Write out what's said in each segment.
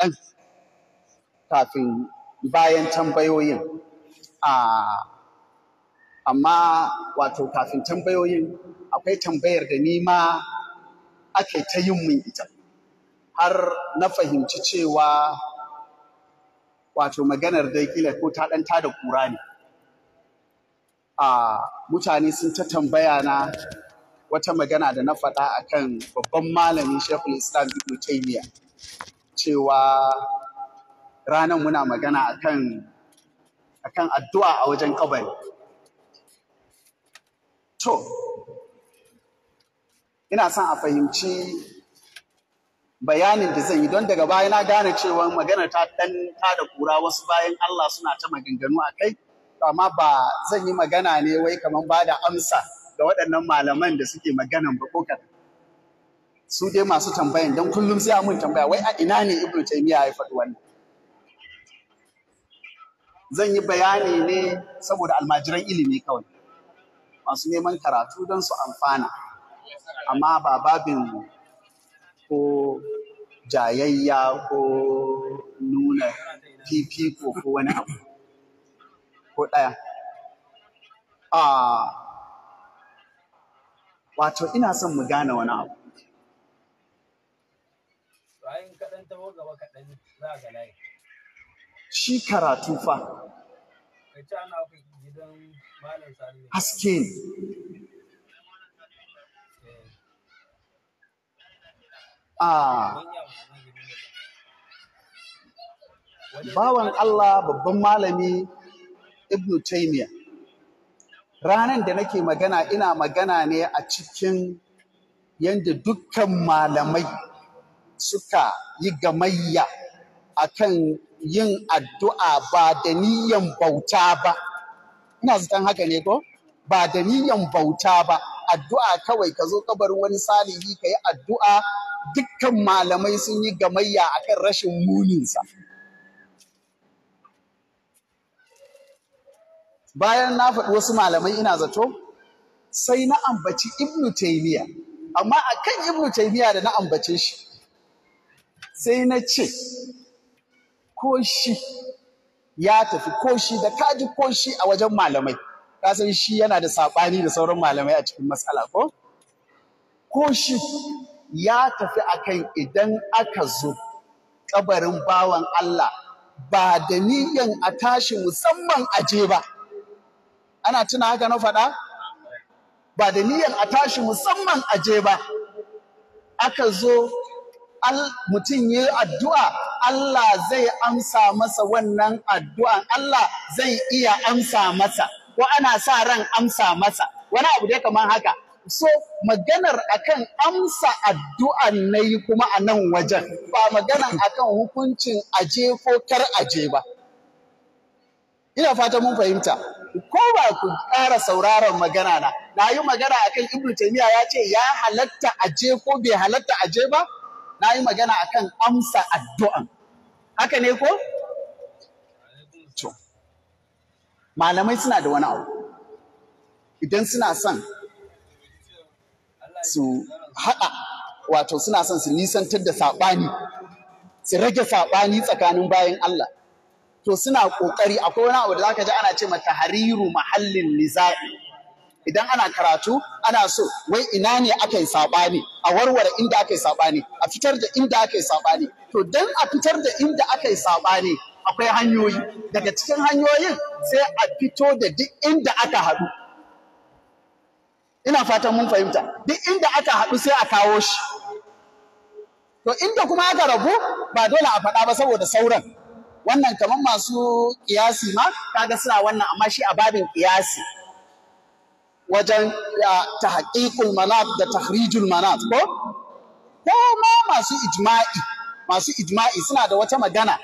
kaɗan kafin bayan tambayoyin. Amma wato kafin tambayoyin akwai tambayar da ni ma ake ta yin min ita. Har na fahimci cewa wato maganar da kila ko ta ɗanta da ƙura ne. Mutane sun ta tambaya na wata magana da na faɗa akan babban malamin Shekul Islam Ibn Taymiyyah. cewa ranar muna magana akan kan addu'a a wajen kabari. To, ina son a fahimci bayanin da zan yi don daga baya na gane cewa magana ta ɗan da kura wasu bayan Allah suna ta maganganu a kai, amma ba zan yi magana ne wai kamar ba da amsa ga waɗannan malaman da suke maganan ba su dai masu tambayan don kullum sai mun tambaya wai a ina ne ibnu taymiya ya faɗi wannan zan yi bayani ne saboda almajiran ilimi kawai masu neman karatu don su amfana amma ba babin ko jayayya ko nuna fifiko ko wani abu ko ɗaya ah, wato ina son mu gane wani abu Shi karatu fa. Haske eh. Ah. Bawan Allah babban malami Ibn Taymiyyah. ranar da nake magana ina magana ne a cikin yadda dukkan malamai suka yi gamayya a kan yin addu'a ba da niyan bauta ba ina zaton haka ne ko ba da niyyan bauta ba addu'a kawai ka zo kabarin wani salihi ka yi addu'a dukkan malamai sun yi gamayya a kan rashin muninsa bayan na faɗi wasu malamai ina zato sai na ambaci Ibn taymiya amma a kan Ibn taymiya da na ambace shi sai na ce ko ya tafi koshi da kaji koshi a wajen malamai san shi yana da saɓani da sauran malamai a cikin matsala ko koshi ya tafi akan idan aka zo kabarin bawan Allah ba da niyan a tashi musamman aje ba ana tuna haka na faɗa ba da niyan a tashi musamman aje ba aka zo mutum ya yi addu'a Allah zai amsa masa wannan addu'an Allah zai iya amsa masa ko ana sa ran amsa masa wani abu dai kamar haka so maganar akan amsa addu'an na yi kuma a nan wajen ba maganar akan hukuncin aje ko kar aje ba ina fata mun fahimta ko ba ku ƙara sauraron magana na na yi magana akan ibnu taymiya ya ce ya halatta aje ko bai halatta aje ba na yi magana akan amsa addu'an haka ne ko to malamai suna da wani abu idan suna son su haɗa wato suna son su nisantar da saɓani su rage saɓani tsakanin bayan Allah to suna ƙoƙari akwai wani abu da za ka ji ana ce mata hariru mahallin niza'i idan ana karatu ana so wai ina ne aka yi saɓani a warware inda aka yi saɓani a fitar da inda aka yi saɓani to dan a fitar da inda aka yi saɓani akwai hanyoyi daga cikin hanyoyin sai a fito da duk inda aka haɗu ina fatan mun fahimta duk inda aka haɗu sai a kawo shi to inda kuma aka rabu ba dole a faɗa ba saboda sauran wannan kamar masu kiyasi ma kaga suna wannan amma shi a babin kiyasi wajen ta haƙiƙul da tahrijul manaf ko ko ma masu ijma'i masu ijma'i suna da wata magana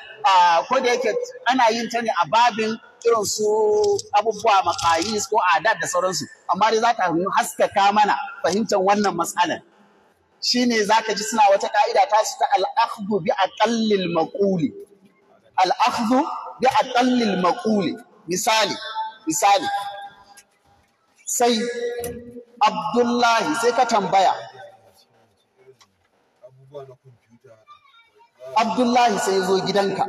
ko da yake ana yin ta ne a babin irin su abubuwa makayis ko adad da sauransu amma dai za ka haskaka mana fahimtar wannan matsalar shine za ka ji suna wata ka'ida ta su ta al'akhdhu bi aqallil maquli al'akhdhu bi aqallil maquli misali misali sai abdullahi sai ka tambaya abdullahi sai ya zo gidanka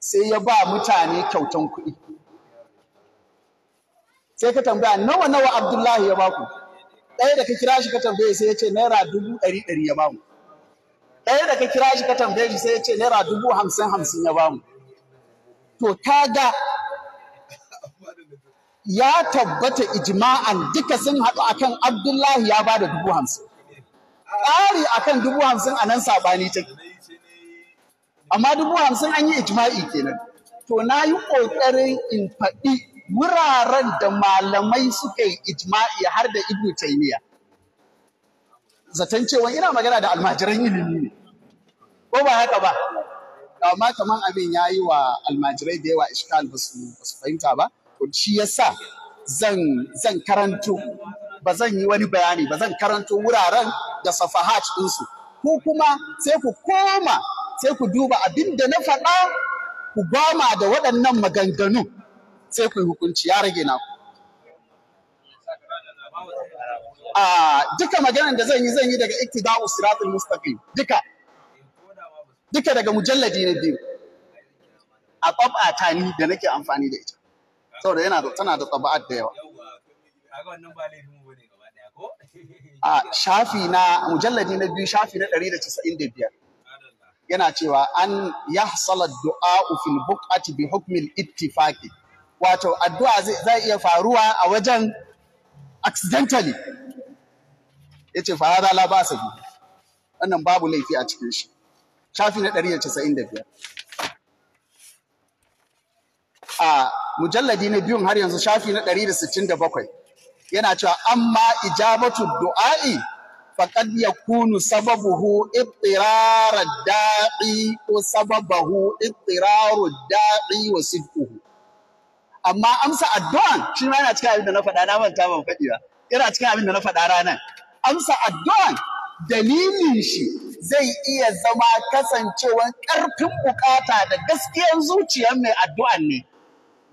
sai ya ba mutane kyautan kuɗi sai ka tambaya nawa nawa abdullahi ya baku ɗaya da ka kira shi ka tambaye sai ya ce naira dubu ɗari ɗari ya bamu ɗaya da ka kira shi ka tambaye shi sai ya ce naira dubu hamsin hamsin ya bamu to ga. ya tabbata ijma'an duka sun haɗu akan Abdullahi ya bada dubu hamsin. Ƙari akan dubu hamsin a nan saɓani take. Amma dubu hamsin an yi ijma'i kenan. To na yi ƙoƙarin in faɗi wuraren da malamai suka yi ijma'i har da Ibn Taymiyyah. Zaton cewa ina magana da almajiran ilimi ne. Ko ba haka ba? Amma kamar abin ya yi wa almajirai da yawa iskal ba su fahimta ba. shi yasa zan zan karanto ba zan yi wani bayani ba zan karanto wuraren da safahat ɗinsu ko kuma sai ku koma sai ku duba abin da na faɗa ku gama da waɗannan maganganu sai ku yi hukunci ya rage naku a duka maganar da zan yi zan yi daga iktida'u siratul mustaqim duka duka daga mujalladi na biyu a ta ni da nake amfani da ita saboda yana da tana da tsaba'at da yawa a shafi na mujalladi na biyu shafi na 195 yana cewa an yahsala du'a ufin bukati bi hukmin ittifaki wato addu'a zai iya faruwa a wajen accidentally ce fara la ba su wannan babu laifi a cikin shi shafi na 195 a mujalladi na biyun har yanzu shafi na 167 yana cewa amma ijabatu du'a'i faqad yakunu sababuhu ittirar da'i ko sababahu ittirar da'i wa sidquhu amma amsa addu'an shi ma yana cikin abin da na faɗa na manta ban faɗi ba yana cikin abin da na faɗa ranar amsa addu'an dalilin shi zai iya zama kasancewan ƙarfin bukata da gaskiyan zuciyar mai addu'an ne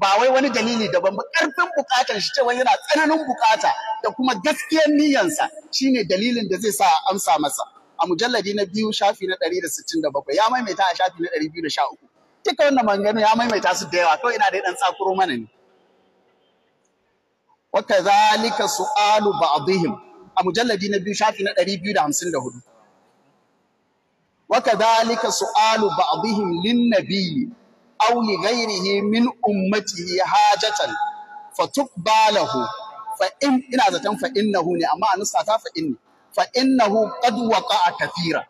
ba wai wani dalili daban ba ƙarfin buƙatar shi cewa yana tsananin buƙata da kuma gaskiyar niyyarsa shine dalilin da zai sa a amsa masa a mujalladi na biyu shafi na ɗari da da sittin bakwai ya maimaita a shafi na ɗari biyu da sha uku. duka wannan manganu ya maimaita su da yawa kawai ina da ɗan tsakuro mana ne wa kadhalika su'alu ba'dihim a mujalladi na biyu shafi na ɗari biyu da 254 wa kadhalika su'alu ba'dihim lin nabiyyi aw li ghairihi min ummatihi hajatan fatubba lahu fa in ina zaton fa innahu ne amma anusa ta fa inni fa innahu qad waqa'a kathira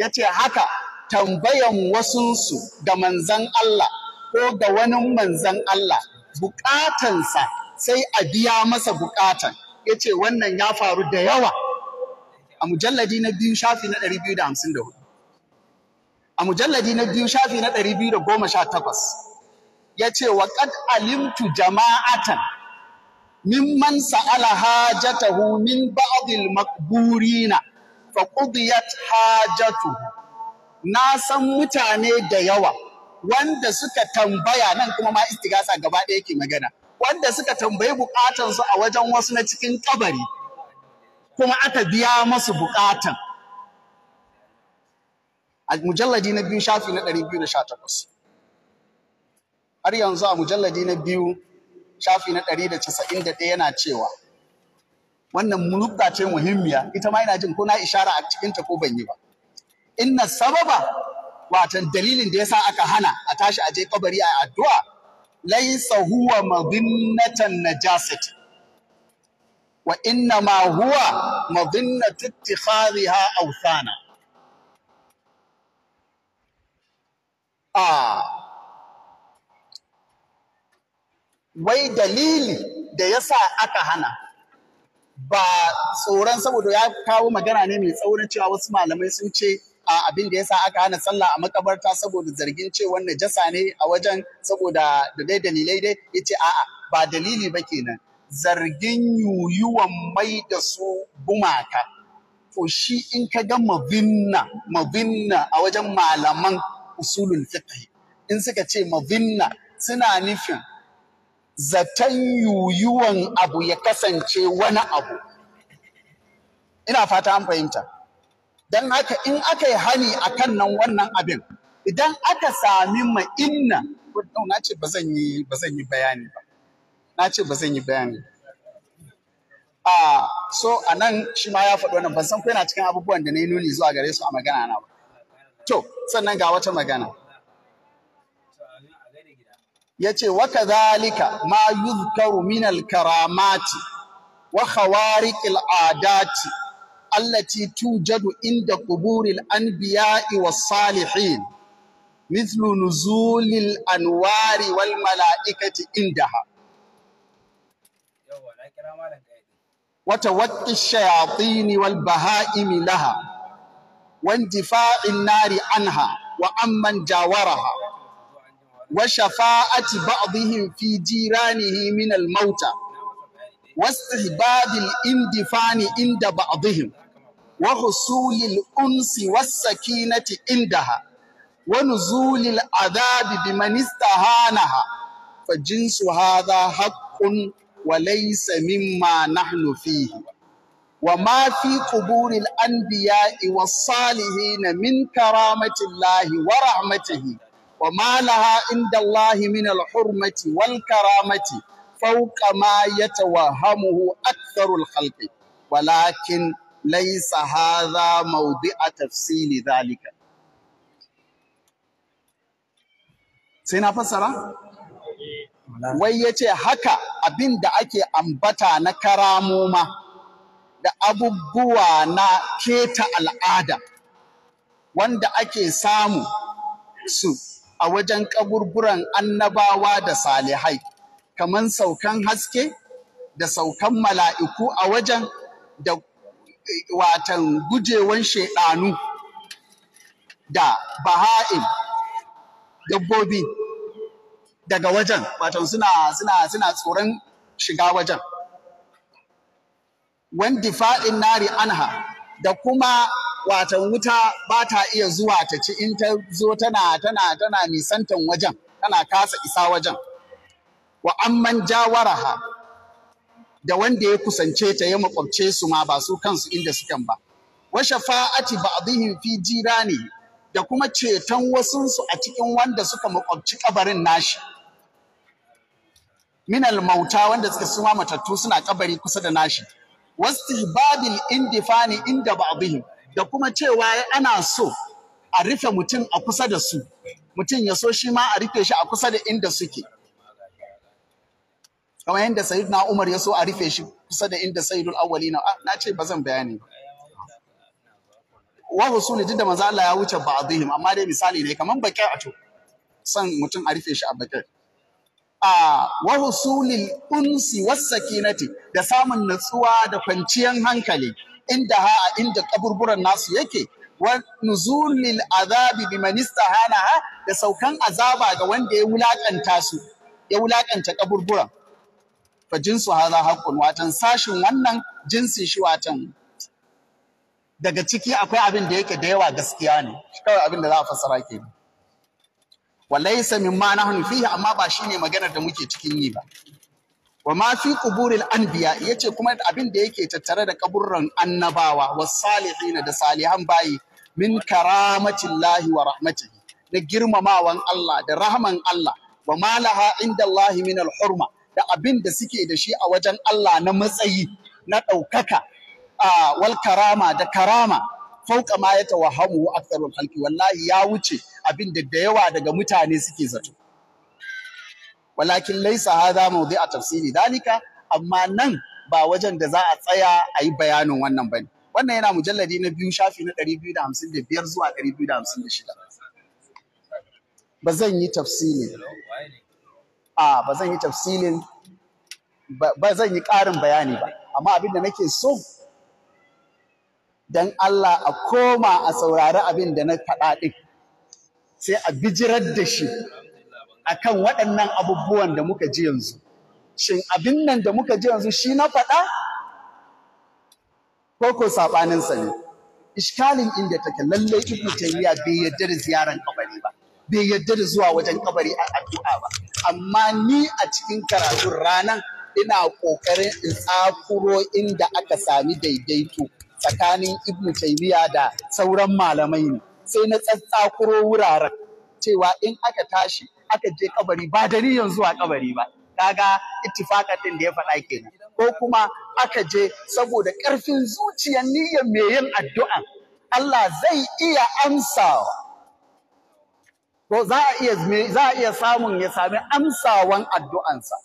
yace haka tambayan wasunsu da manzan Allah ko ga wani manzan Allah bukatansa sai a biya masa bukatan yace wannan ya faru da yawa a mujalladi na biyu shafi na 254 a mujalladi na biyu shafi na ɗari biyu da goma sha takwas ya ce wa ƙad alimtu jama'atan min man sa'ala hajatahu min ba'dil maqburina fa qudiyat hajatu na san mutane da yawa wanda suka tambaya nan kuma ma istigasa gaba ɗaya yake magana wanda suka tambayi bukatansu a wajen wasu na cikin kabari kuma aka biya masu bukatan a mujalladi na biyu shafi na 218 har yanzu a mujalladi na biyu shafi na 191 yana cewa wannan nukta ce muhimmiya ita ma ina jin ko na ishara a cikinta ko ban yi ba inna sababa watan dalilin da yasa aka hana a tashi a je kabari a addu'a laysa huwa madinnatan najasati wa inna ma huwa madinnatu ittikhadhiha awthana a wai dalili da ya sa aka hana ba tsoron saboda ya kawo magana ne mai tsaurin cewa wasu malamai sun ce a abin da ya sa aka hana sallah a makabarta saboda zargin ce cewa jasa ne a wajen saboda da dai dalilai dai ya ce a'a ba dalili ba kenan zargin yuyuwan mai da su gumaka to shi in ka ga mavinna mabinna a wajen malaman usulul fiqh in suka ce mazinna suna nufin zaton yuyuwan abu ya kasance wani abu ina fata an fahimta dan haka in aka yi hani a kan nan wannan abin idan aka sami ma inna na ce ba zan yi bayani ba na ce ba zan yi bayani a ah, so a nan shi ma ya faɗi wannan ban san ko yana cikin abubuwan da na yi nuni zuwa gare su a magana na ba To, sannan ga wata magana. Ya ce, waka zalika ma yuzkaru minal karamati wa khawariƙil adati allati tujadu inda kuburil anbiya'i was salihin mithlu nuzulil anwari wal mala'ikati indaha. Wata waƙi shayatini wal baha'imi laha. واندفاع النار عنها وعمن جاورها وشفاعة بعضهم في جيرانه من الموتى واستحباب الاندفان عند بعضهم وحصول الأنس والسكينة عندها ونزول العذاب بمن استهانها فجنس هذا حق وليس مما نحن فيه wa ma fi quburil anbiya'i was salihin min karamatillahi wa rahmatihi wa ma laha inda Allahi min al-hurmati wal karamati fawqa ma yatawahhamuhu aktharul khalqi walakin laysa hadha mawdi'a tafsili dhalika sai na fassara wai yace haka abinda ake ambata na karamoma da abubuwa na keta al'ada wanda ake samu su a wajen kaburburan annabawa da salihai kamar saukan haske da saukan mala'iku a wajen da watan gujewan shaidanu da bahain dabbobi daga wajen watan suna tsoron shiga wajen difaɗin nari anha da kuma watan wuta ba ta iya zuwa ta ci in ta zo tana tana tana nisantan wajen tana kasa isa wajen wa amman jawaraha da wanda ya kusance ta ya makwabce su ma ba su kansu inda suke ba wa shafa'ati ba'dihim fi ne, da kuma ceton wasunsu a cikin wanda suka makwabci kabarin nashi minal mauta wanda suka suma matattu suna kabari kusa da nashi wastihbabil indifani inda ba'dihim da kuma cewa ana so a rufe mutum a kusa da su mutum ya so shi ma a rufe shi a kusa da inda suke kamar yadda sayyidina Umar ya so a rufe shi kusa da inda sayyidul awwalina ah, na ce ba zan bayani wa husuli duk da manzo Allah ya wuce ba'dihim amma dai misali ne kamar bakai a to san mutum a rufe shi a bakai a wa husulil unsi wasakinati da samun natsuwa da kwanciyar hankali inda ha a inda kaburburan nasu yake wa nuzulil azabi Minista ha da saukan azaba ga wanda ya wulakanta su ya wulakanta kaburburan fa jinsu haƙƙun watan sashin wannan jinsin shi watan daga ciki akwai abin da yake da yawa gaskiya ne kawai abin da za a fassara kenan wa laysa ma nahnu fihi amma ba shi ne maganar da muke cikin yi ba wa ma fi quburil anbiya yace kuma abin da yake tattare da kaburran annabawa wa salihin da salihan bayi min karamatillahi wa rahmatihi da girmamawan Allah da rahman Allah wa malaha laha indallahi min al-hurma, da abin da suke da shi a wajen Allah na matsayi na ɗaukaka wal karama da karama fauka ma ya tawahamu aktsarul halki wallahi ya wuce abin da da yawa daga mutane suke zato walakin laisa hadha a tafsiri dalika amma nan ba wajen da za a tsaya a yi bayanin wannan bane wannan yana mujalladi na biyu shafi na 255 zuwa 256 ba zan yi tafsilin a ba zan yi tafsilin ba zan yi ƙarin bayani ba amma abin da nake so dan Allah a koma a saurari abin da na faɗa ɗin sai a bijirar da shi a kan waɗannan abubuwan da muka ji yanzu shin abin nan da muka ji yanzu shi na faɗa Koko saɓaninsa ne iskalin inda take lalle ibu taymiya bai yarda da ziyaran kabari ba bai yarda da zuwa wajen kabari a addu'a ba amma ni a cikin karatun ranan ina kokarin in tsakuro inda aka sami daidaito tsakanin ibnu taymiya da sauran malamai ne sai na tsatsakuro wuraren cewa in aka tashi aka je kabari ba da niyan zuwa kabari ba kaga ittifaqan din da ya faɗa kenan ko kuma aka je saboda ƙarfin zuciyar niyyar mai yin addu'a Allah zai iya amsawa ko za a iya samun ya sami amsawan addu'ansa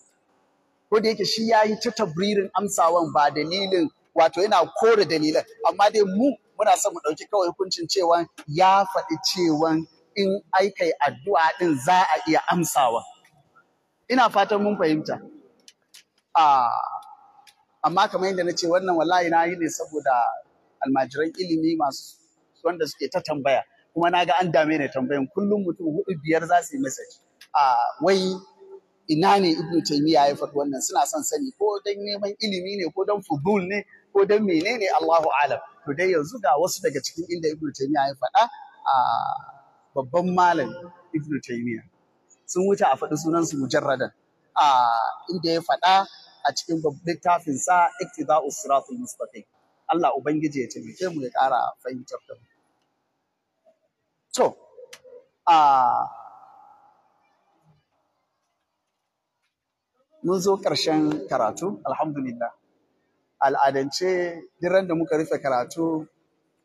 ko da yake shi ya yi ta tabririn amsawan ba dalilin wato yana kore dalilan amma dai mu muna son mu ɗauki kawai hukuncin cewa ya faɗi cewa in yi addu'a ɗin za a iya amsawa. Ina fatan mun fahimta. Amma kamar yadda na ce wannan wallahi na yi ne saboda almajiran ilimi masu wanda suke ta tambaya. Kuma na ga an dame ne tambayan kullum mutum hudu biyar za su yi message. Wai ina ne Ibn Taymiyyah ya faɗi wannan suna son sani ko don neman ilimi ne ko don fubul ne ko dan menene Allahu alam to dai yanzu ga wasu daga cikin inda Ibn Taymiyyah ya faɗa a babban malam Ibn Taymiyyah sun wuce a faɗi sunan su mujarradan a inda ya faɗa a cikin littafin sa Iqtida'us Siratul Mustaqim Allah ubangiji ya taimake mu ya ƙara fahimtar da mu to a mun zo ƙarshen karatu alhamdulillah al'adance diran da muka rufe karatu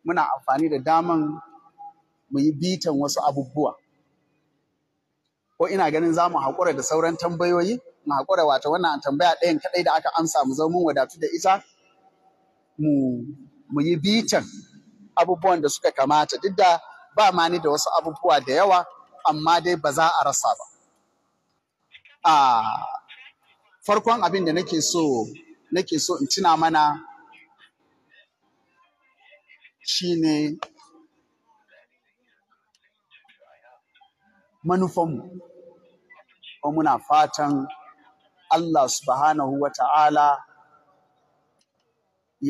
muna amfani da daman mu yi bitan wasu abubuwa ko ina ganin za mu haƙura da sauran tambayoyi mu haƙura wata wannan tambaya ɗayan kaɗai da aka amsa mu zama mun wadatu da ita mu yi bitan abubuwan da suka kamata duk da ba ma ni da wasu abubuwa da yawa amma dai ba za a rasa ba a ah, farkon abin da nake so nake so in tuna mana shine manufanmu ko muna fatan Allah subhanahu wa ta'ala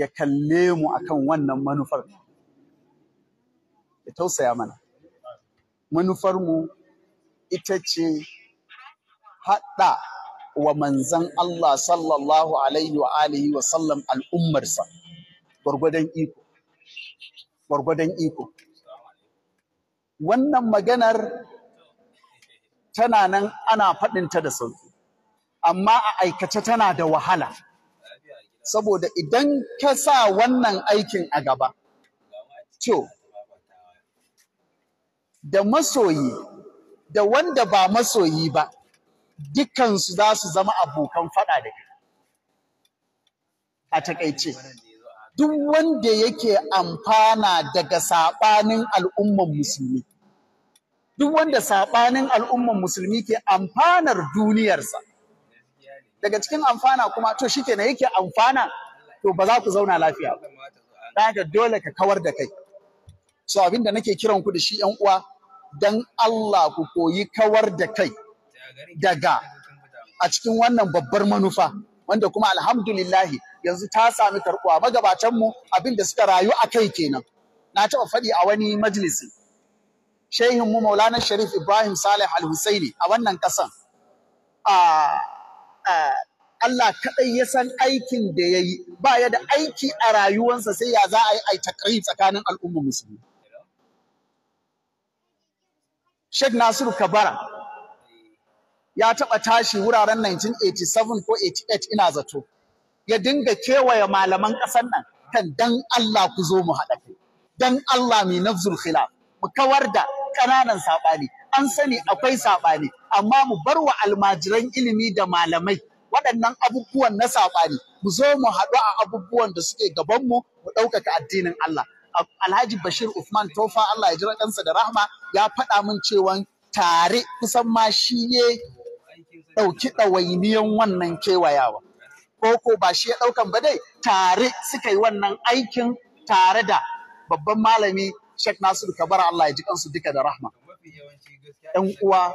ya kalle mu akan wannan manufar ya tausaya mana manufarmu ita ce haɗa wa manzan Allah sallallahu alaihi wa alihi wa sallam al'ummarsa gwargwadon iko gwargwadon iko wannan maganar tana nan ana faɗinta da sauki amma a aikace tana da wahala saboda idan ka sa wannan aikin a gaba to da masoyi da wanda ba masoyi ba dukkansu za su zama abokan faɗa da kai a takaice duk wanda yake amfana daga saɓanin al'umman musulmi duk wanda saɓanin al'umman musulmi ke amfanar duniyarsa daga cikin amfana kuma to shi kenan yake amfana to ba za ku zauna lafiya ba ka dole ka kawar da kai so abinda nake kiran ku da shi yan uwa dan Allah ku koyi kawar da kai daga a cikin wannan babbar manufa wanda kuma alhamdulillahi yanzu ta sami karɓuwa magabatanmu abin da suka rayu a kai kenan na taɓa faɗi a wani majalisi shehin mu maulana sharif ibrahim salih al husaini a wannan ƙasan Allah kaɗai ya san aikin da ya yi ba ya da aiki a rayuwansa sai ya za a yi a takari tsakanin al'ummar musulmi Sheikh Nasiru Kabara ya taɓa tashi wuraren 1987 ko 88 ina zato ya dinga kewaye malaman ƙasar nan kan dan Allah ku zo mu haɗa kai dan Allah mai nafzul khilaf mu kawar da ƙananan saɓani an sani akwai saɓani amma mu bar wa almajiran ilimi da malamai waɗannan abubuwan na saɓani mu zo mu haɗu a abubuwan da suke gabanmu mu ɗaukaka addinin Allah Alhaji Bashir Uthman Tofa Allah ya ji da rahma ya faɗa min cewa tare kusan ma shi ne ɗauki ɗawainiyan wannan kewayawa. Ko ko ba shi ya ɗaukan ba dai tare suka yi wannan aikin tare da babban malami Sheikh nasir Kabara Allah ya ji kansu duka da rahma. ‘Yan uwa,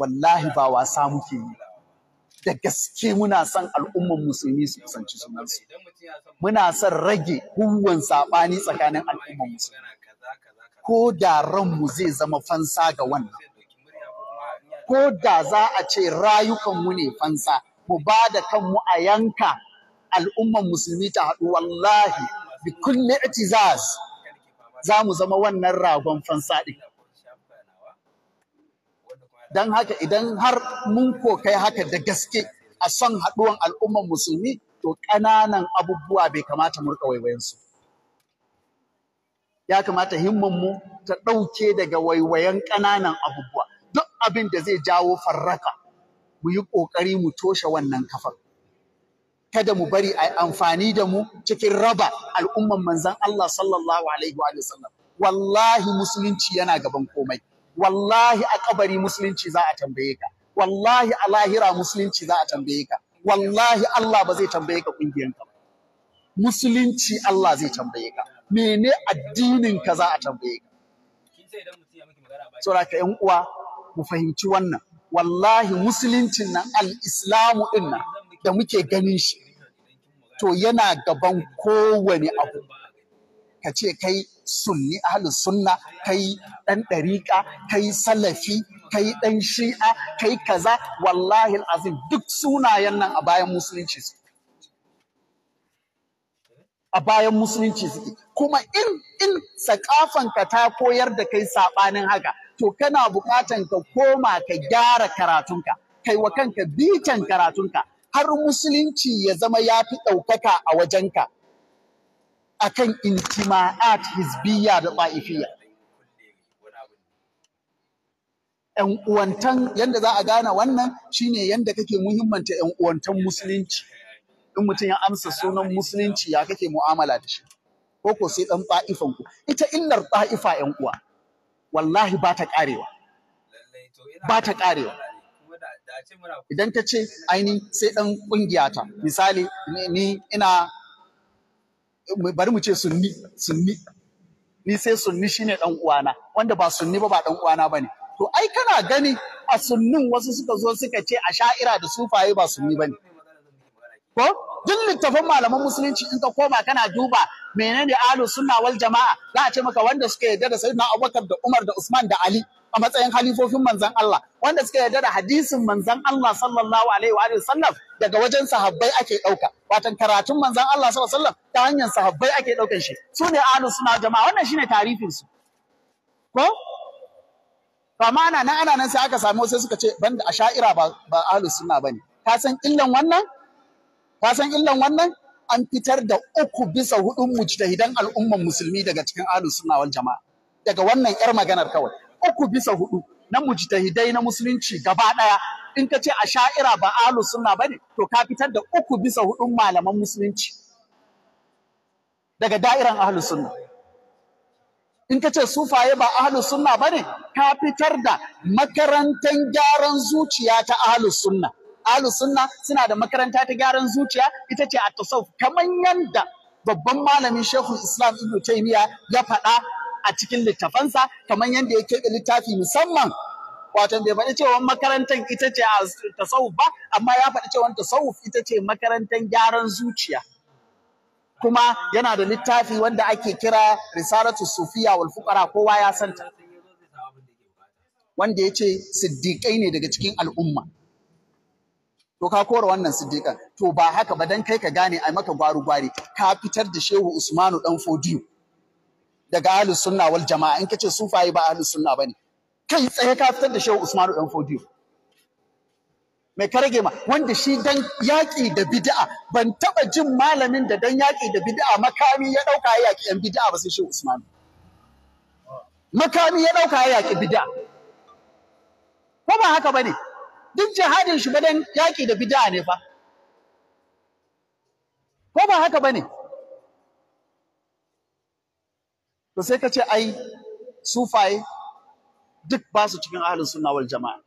wallahi ba wasa muke yi. Da gaske muna son al'umman musulmi su kusanci sunansu. Muna son rage huwan saɓani tsakanin al'umman musulmi. Ko da ranmu zai zama fansa ga wannan. ko da za a ce rayukanmu ne fansa mu ba da kanmu a yanka al'umman musulmi ta haɗu wallahi bi kulli itizaz za mu zama wannan ragon fansa ɗin don haka idan har mun kokai haka da gaske a son haɗuwan al'umman musulmi to ƙananan abubuwa bai kamata mu rika waiwayensu ya kamata himmanmu ta ɗauke daga waiwayen ƙananan abubuwa abin da zai jawo farraka mu yi ƙoƙari mu toshe wannan kafar kada mu bari a amfani da mu cikin raba al'umman manzan Allah sallallahu alaihi wa sallam wallahi musulunci yana gaban komai wallahi a kabari musulunci za a tambaye ka wallahi a lahira musulunci za a tambaye ka wallahi Allah ba zai tambaye ka kungiyanka ba musulunci Allah zai tambaye ka mene addinin ka za a tambaye ka saboda ka yan uwa mu fahimci wannan wallahi musuluncin nan al'islamu ɗin nan da muke ganin shi to yana gaban kowane abu ka ce kai sunni ahli sunna kai ɗan ɗariƙa kai salafi kai ɗan shi'a kai kaza wallahi azim duk sunayen nan a bayan musulunci su a bayan musulunci suke kuma in in sakafanka ta koyar da kai saɓanin haka to kana bukatan ka koma ka gyara karatunka kai wa kanka bitan karatunka har musulunci ya zama ya fi ɗaukaka a wajenka akan intima'at hizbiya da ba'ifiyya ‘yan uwantan yadda za a gane wannan shi ne yadda kake muhimmanta ‘yan uwantan musulunci in mutum ya amsa sunan musulunci ya kake mu'amala da shi ko ko sai ɗan ita illar ɗa'ifa ‘yan uwa wallahi ba ta karewa ba ta karewa idan ta ce aini sai dan kungiya ta misali ni ina bari mu ce sunni sunni ni sai sunni shine dan uwana wanda ba sunni ba ba dan uwana bane to ai kana gani a sunnin wasu suka zo suka ce a sha'ira da sufaye ba sunni bane ko duk littafin malaman musulunci in ka koma kana duba menene ahlus sunna wal jama'a za a ce maka wanda suka yarda da sayyidina Abubakar da Umar da Usman da Ali a matsayin halifofin manzon Allah wanda suka yarda da hadisin manzon Allah sallallahu alaihi wa sallam daga wajen sahabbai ake dauka watan karatun manzon Allah sallallahu alaihi wa sallam ta hanyar sahabbai ake daukan shi su ne ahlus sunna jama'a wannan shine tarifin su ko to amma ana nan ana nan sai aka samu sai suka ce banda asha'ira ba ba ahlus sunna bane ka san illan wannan Kwasan illan wannan an fitar da uku bisa hudun mujtahidan al'umman musulmi daga cikin ahlus sunna wal jama'a. Daga wannan yar maganar kawai. Uku bisa hudu na mujtahidai na musulunci gaba daya in ka ce a sha'ira ba ahlus sunna bane to ka fitar da uku bisa hudun malaman musulunci. Daga da'iran ahlus sunna. in ka ce sufaye ba ahlus sunna bane ka fitar da makarantar gyaran zuciya ta ahlus sunna alu sunna suna da makaranta ta gyaran zuciya ita ce a tasawuf kamar yadda babban malamin shehun islam ibnu taymiya ya faɗa a cikin littafansa kamar yadda ya keɓe littafi musamman wato bai faɗi cewa makarantar ita ce a tasawuf ba amma ya faɗi cewa tasawuf ita ce makarantar gyaran zuciya kuma yana da littafi wanda ake kira risalatu sufiya wal fuqara kowa ya santa wanda yace siddiƙai ne daga cikin al'umma to ka kora wannan siddiqan to ba haka ba dan kai ka gane ai maka gwaru gwari ka fitar da shehu usmanu dan fodiyo daga ahlus sunna wal jamaa in kace sufaye ba ahlus sunna bane kai tsaye ka fitar da shehu usmanu dan fodiyo mai karage ma wanda shi dan yaƙi da bid'a ban taɓa jin malamin da dan yaƙi da bid'a makami ya ɗauka ya yaƙi yan bid'a ba sai Shehu Usmanu. makami ya ɗauka ya yaƙi bid'a ko ba haka bane duk jihadin shi badan yaki da bid'a ne fa ko ba haka bane to sai ka ce ai sufaye duk ba su cikin ahlus sunna wal jama'a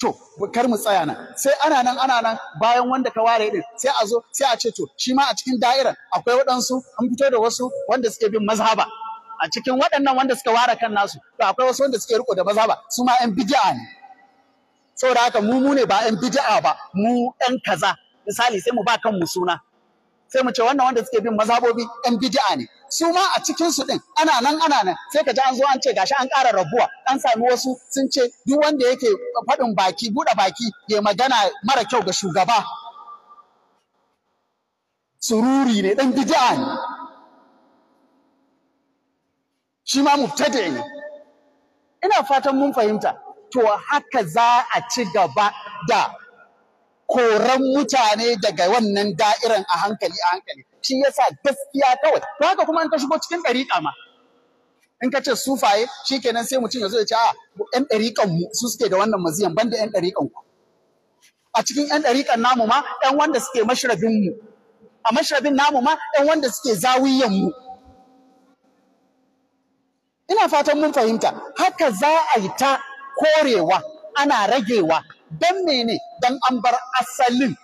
to kar mu tsaya nan sai ana nan ana nan bayan wanda ka ware din sai a zo sai a ce to shi ma a cikin da'irar akwai waɗansu an fito da wasu wanda suke bin mazhaba a cikin waɗannan wanda suka ware kan nasu to akwai wasu wanda suke riko da mazhaba su ma 'yan bid'a ne saboda haka mu mu ne ba 'yan bid'a ba mu 'yan kaza misali sai mu ba kan mu suna sai mu ce wannan wanda suke bin mazhabobi 'yan bid'a ne su ma a cikin su din ana nan ana nan sai ka ji an zo an ce gashi an ƙara rabuwa an sami wasu sun ce duk wanda yake faɗin baki buɗe baki ya magana mara kyau ga shugaba sururi ne ɗan bid'a ne shi ma mubtadi ne ina fatan mun fahimta to haka za a ci gaba da koran mutane daga wannan da'iran a hankali a hankali shi yasa gaskiya kawai to haka kuma in ka shigo cikin ɗariƙa ma in ka ce sufaye kenan sai mutum ya zo ya ce a ah, ƴan ɗariƙan mu su suke da wannan maziyan banda ƴan ɗariƙan ku a cikin ƴan ɗariƙan namu ma ƴan wanda suke mashrabin mu a mashrabin namu ma ƴan wanda suke zawiyan mu ina fatan mun fahimta haka za a yi ta korewa ana ragewa don mene don an bar asalin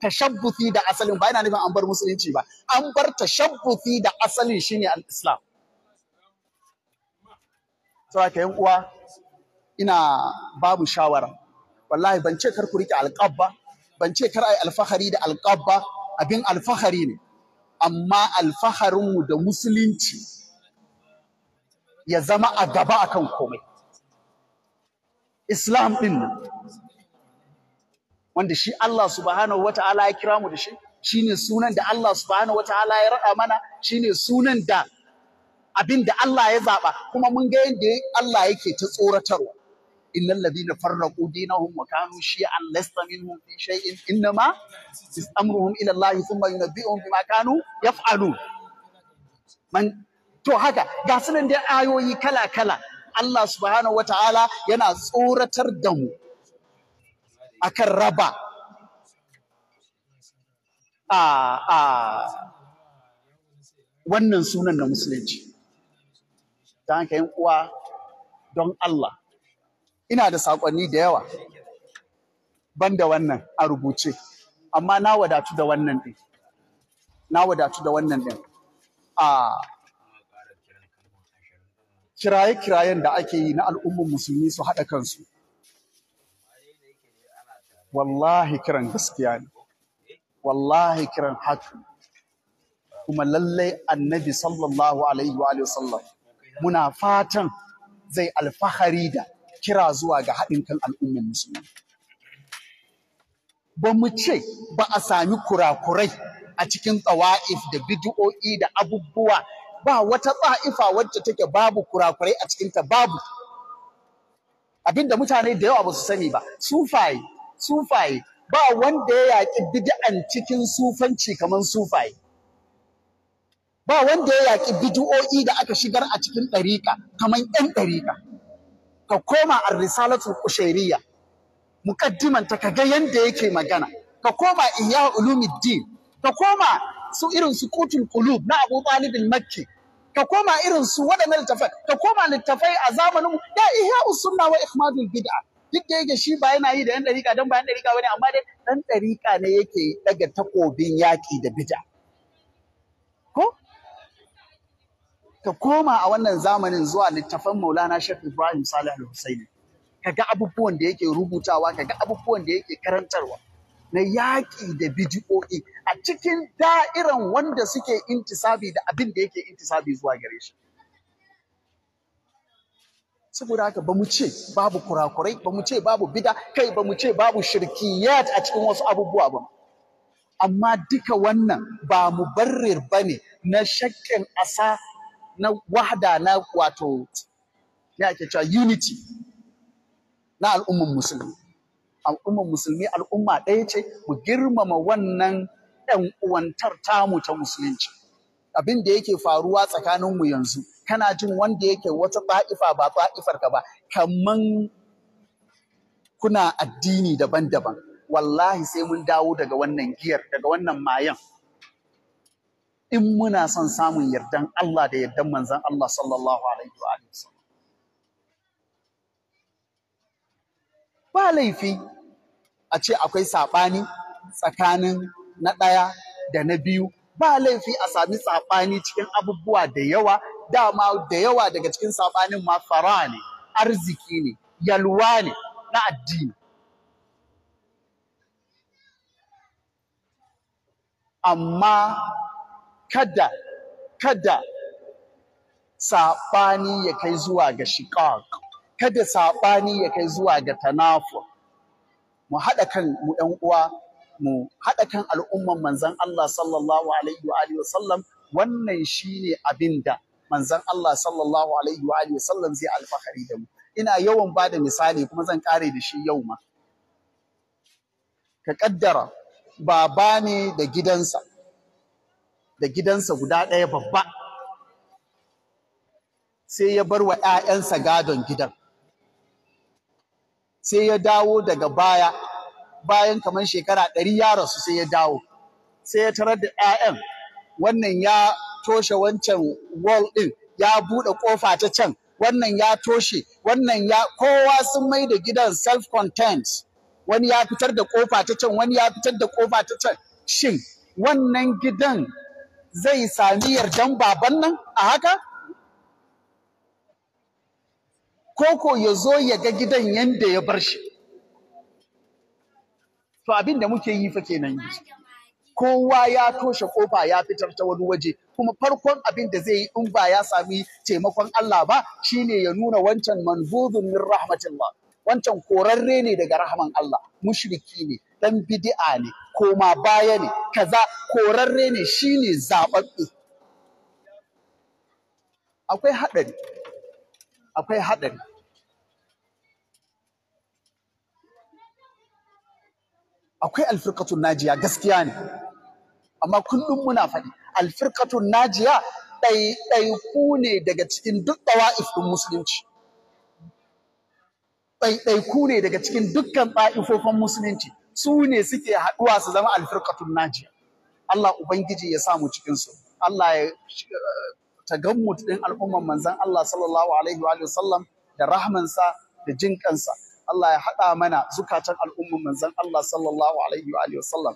tashabbuti da asalin ba yana nufin an bar musulunci ba an bar tashabbuti da asalin shine al-islam saboda yan uwa ina babu shawara wallahi ban ce kar ku rike alƙabba ban ce kar ai alfahari da alƙabba abin alfahari ne amma alfaharinmu da musulunci ya zama a gaba akan komai islam din nan wanda shi Allah subhanahu wataala ya kira mu da shi shine sunan da Allah subhanahu wataala ya rada mana shine sunan da abin da Allah ya zaba kuma mun ga yadda Allah yake ta tsoratarwa innal ladina farraqu dinahum wa kanu shi'an lasta minhum fi shay'in inma amruhum ila Allah thumma yunabbi'uhum bima kanu yaf'alun man to haka ga sunan da ayoyi kala kala Allah subhanahu wataala yana tsoratar da mu akan raba a a wannan sunan na musulunci ta haka yin uwa don Allah ina da saƙonni da yawa ban da wannan a rubuce amma na wadatu da wannan ɗin na wadatu da wannan ɗin a kiraye-kirayen da ake yi na al'ummar musulmi su haɗa kansu. Wallahi kiran gaskiya ne, wallahi kiran haka, kuma lallai annabi sallallahu Alaihi wa sallam muna fatan zai alfahari da kira zuwa ga haɗin kan al'ummar musulmi. Ba mu ce ba a sami kurakurai a cikin tsawa'if da bidi'o'i da abubuwa ba wata ta'ifa wacce take babu kurakurai a cikinta babu abinda mutane da yawa ba su sani ba sufaye sufaye ba wanda ya yaƙi bid'an cikin sufanci kamar sufaye ba wanda ya yaƙi bid'o'i da aka shigar a cikin ɗariƙa kamar 'yan ɗariƙa ka koma a risalatul qushayriyya mukaddiman ta ga yanda yake magana ka koma iya ulumuddin ka koma su irin su kutul qulub na Abu Talib al-Makki ka koma irin su waɗannan littafai ka koma littafai a zamanin mu ya ihya usunna wa ikhmadul bid'a duk da yake shi ba yana yi da yan dariƙa dan ba yan dariƙa wani amma dai dan dariƙa ne yake daga takobin yaƙi da bid'a ko ka koma a wannan zamanin zuwa littafan Maulana shaikh Ibrahim Salih Al-Husaini kaga abubuwan da yake rubutawa kaga abubuwan da yake karantarwa na yaƙi da bidiyo'i a cikin da'iran wanda suke intisabi da abin da yake intisabi zuwa gare shi. Saboda haka ba mu ce babu kurakurai, ba mu ce babu bida, kai ba mu ce babu shirkiyat a cikin wasu abubuwa ba. Amma duka wannan ba mu barrir ba ne na shakken asa na wahda na wato, ya ake cewa unity na al'umman musulmi. al'ummar musulmi al'umma ɗaya ce mu girmama wannan ɗan uwantar tamu ta musulunci abin da yake faruwa tsakanin mu yanzu kana jin wanda yake wata ta'ifa ba ta'ifar ka ba kaman kuna addini daban-daban wallahi sai mun dawo daga wannan giyar daga wannan mayan in muna son samun yardan Allah da yardan manzan Allah sallallahu alaihi wa sallam ba laifi a ce akwai saɓani tsakanin na ɗaya da na biyu ba laifi a sami saɓani cikin abubuwa da yawa dama da yawa daga cikin saɓanin ma fara ne arziki ne yalwa ne na addini amma kada kada saɓani ya kai zuwa ga shiƙaƙ kada saɓani ya kai zuwa ga tanafur mu haɗa kan mu ‘yan uwa mu haɗa kan al'umman manzan Allah sallallahu alaihi wa alihi sallam wannan shine abin da manzan Allah sallallahu alaihi wa alihi sallam zai alfahari da mu ina yawan ba da misali kuma zan kare da shi yau ma ka kaddara baba ne da gidansa da gidansa guda ɗaya babba sai ya bar wa ‘ya'yansa gadon gidan sai ya dawo daga baya bayan kamar shekara ɗari ya rasu sai ya dawo sai ya tarar da 'ya'yan wannan ya toshe wancan wall ɗin ya buɗe ƙofa ta can wannan ya toshe wannan ya kowa sun mai da gidan self content wani ya fitar da ƙofa ta can wani ya fitar da ƙofa ta can shin wannan gidan zai sami yardan baban nan a haka koko ya zo ya ga gidan yadda ya bar shi to abin da muke yi fa kenan kowa ya toshe kofa ya fitar ta wani waje kuma farkon abin da zai yi in ba ya sami taimakon Allah ba shine ya nuna wancan manbudun min rahmatillah wancan korarre ne daga rahman Allah mushriki ne dan bid'a ne koma baya ne kaza korarre ne shine zaɓaɓɓe. akwai haɗari akwai haɗari. Akwai alfirkatun najiya gaskiya ne, amma kullum muna faɗi alfirkatun najiya ɗaiɗaiku ne daga cikin duk ɗawa'if ɗin musulunci. Ɗaiɗaiku ne daga cikin dukkan ɗa'ifofin musulunci su ne suke haɗuwa su zama alfirkatun najiya. Allah Ubangiji ya samu cikinsu. Allah ya Ta tagammut ɗin al'umman manzan, Allah sallallahu alaihi wa sallam da rahmansa da jinkansa Allah ya haɗa mana zukatan al'umman manzan, Allah sallallahu alaihi wa sallam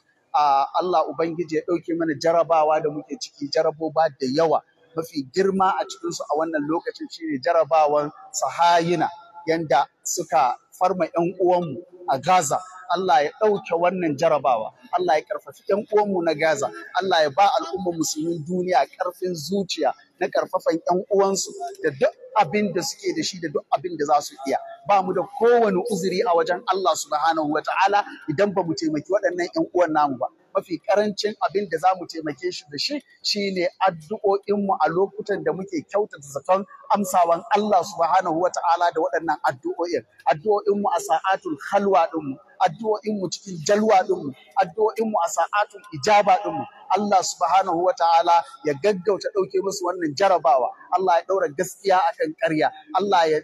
Allah ubangiji ya ɗauke mana jarabawa da muke ciki jarabobi da yawa mafi girma a cikinsu a wannan lokacin shine jarabawan sahayina yanda suka farma 'yan uwanmu a Gaza Allah ya ɗauke wannan jarabawa Allah ya karfafi yan uwanmu na Gaza Allah ya ba al'ummar musulmin duniya ƙarfin zuciya na ƙarfafan yan uwansu da duk abin da suke da shi da duk abin da za su iya ba mu da kowane uzuri a wajen Allah subhanahu wata'ala idan ba mu taimaki waɗannan yan uwan namu ba mafi karancin abin da za mu taimake shi da shi shine addu'o'inmu a lokutan da muke kyautata zaton amsawan Allah subhanahu wata'ala da waɗannan addu'o'in addu'o'inmu a sa'atul halwa ɗinmu addu'o'inmu cikin jalwa ɗinmu addu'o'inmu a sa'atul ijaba ɗinmu Allah subhanahu wa ta'ala ya gaggauta ɗauke musu wannan jarabawa Allah ya ɗaura gaskiya akan ƙarya Allah ya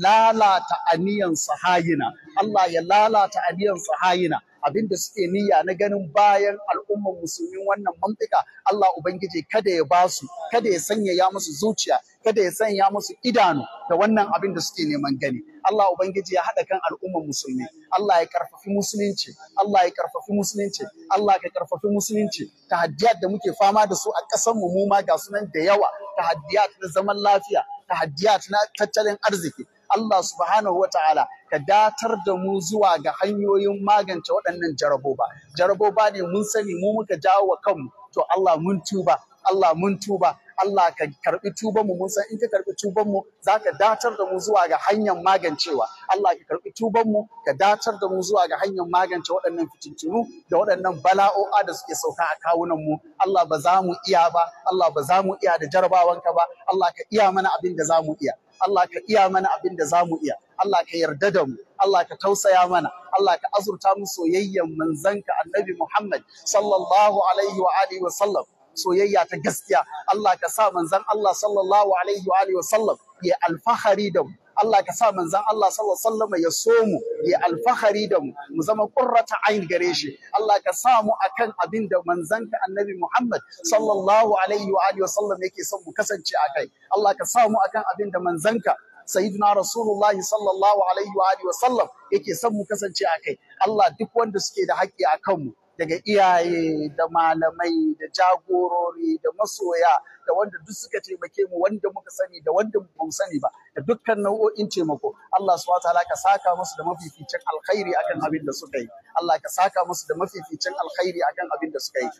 lalata aniyan sahayina Allah ya lalata aniyan sahayina abinda suke niyya na ganin bayan al'umman musulmi wannan mantika Allah ubangiji kada ya basu kada ya sanya ya musu zuciya kada ya sanya musu idanu da wannan abin da suke neman gani Allah ubangiji ya haɗa kan al'umman musulmi Allah ya karfafi musulunci Allah ya karfafi musulunci Allah ka karfafi musulunci tahaddiyat da muke fama da su a ƙasar mu mu ma ga sunan da yawa tahaddiyat na zaman lafiya tahaddiyat na tattalin arziki Allah subhanahu wata'ala ka datar da mu zuwa ga hanyoyin magance waɗannan jaraboba jaraboba ne mun sani mu muka jawo wa kanmu to Allah mun tuba Allah mun tuba Allah ka karɓi tubanmu mun san in ka karɓi tubanmu za ka datar da mu zuwa ga hanyar magancewa Allah ka karbi tubanmu ka datar da mu zuwa ga hanyar magance waɗannan fitintunu da waɗannan bala'o'a da suke sauka a kawunan mu Allah ba za mu iya ba Allah ba za mu iya da jarabawanka ba Allah ka iya mana abin da za mu iya Allah ka iya mana abin da za mu iya Allah ka yarda da mu Allah ka tausaya mana Allah ka azurta mu soyayyan manzanka annabi Muhammad sallallahu alaihi wa alihi wa sallam soyayya ta gaskiya Allah ka sa manzan Allah sallallahu alaihi wa alihi wa sallam ya alfahari da mu Allah ka sa manzan Allah sallallahu alaihi ya so mu ya alfahari da mu mu zama qurrata ain gare shi Allah ka sa mu akan abin da manzanka annabi Muhammad sallallahu alaihi wa alihi wasallam yake son mu kasance akai Allah ka sa mu akan abin da manzanka sayyidina rasulullahi sallallahu alaihi wa alihi wasallam yake son mu kasance akai Allah duk wanda suke da haƙƙi akan mu daga iyaye da malamai da jagorori da masoya da wanda duk suka taimake mu wanda muka sani da wanda muka sani ba da dukkan nau'o'in taimako Allah su wataala ka saka musu da mafificin alkhairi akan abin da suka yi Allah ka saka musu da mafificin alkhairi akan abin da suka yi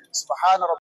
rabbi.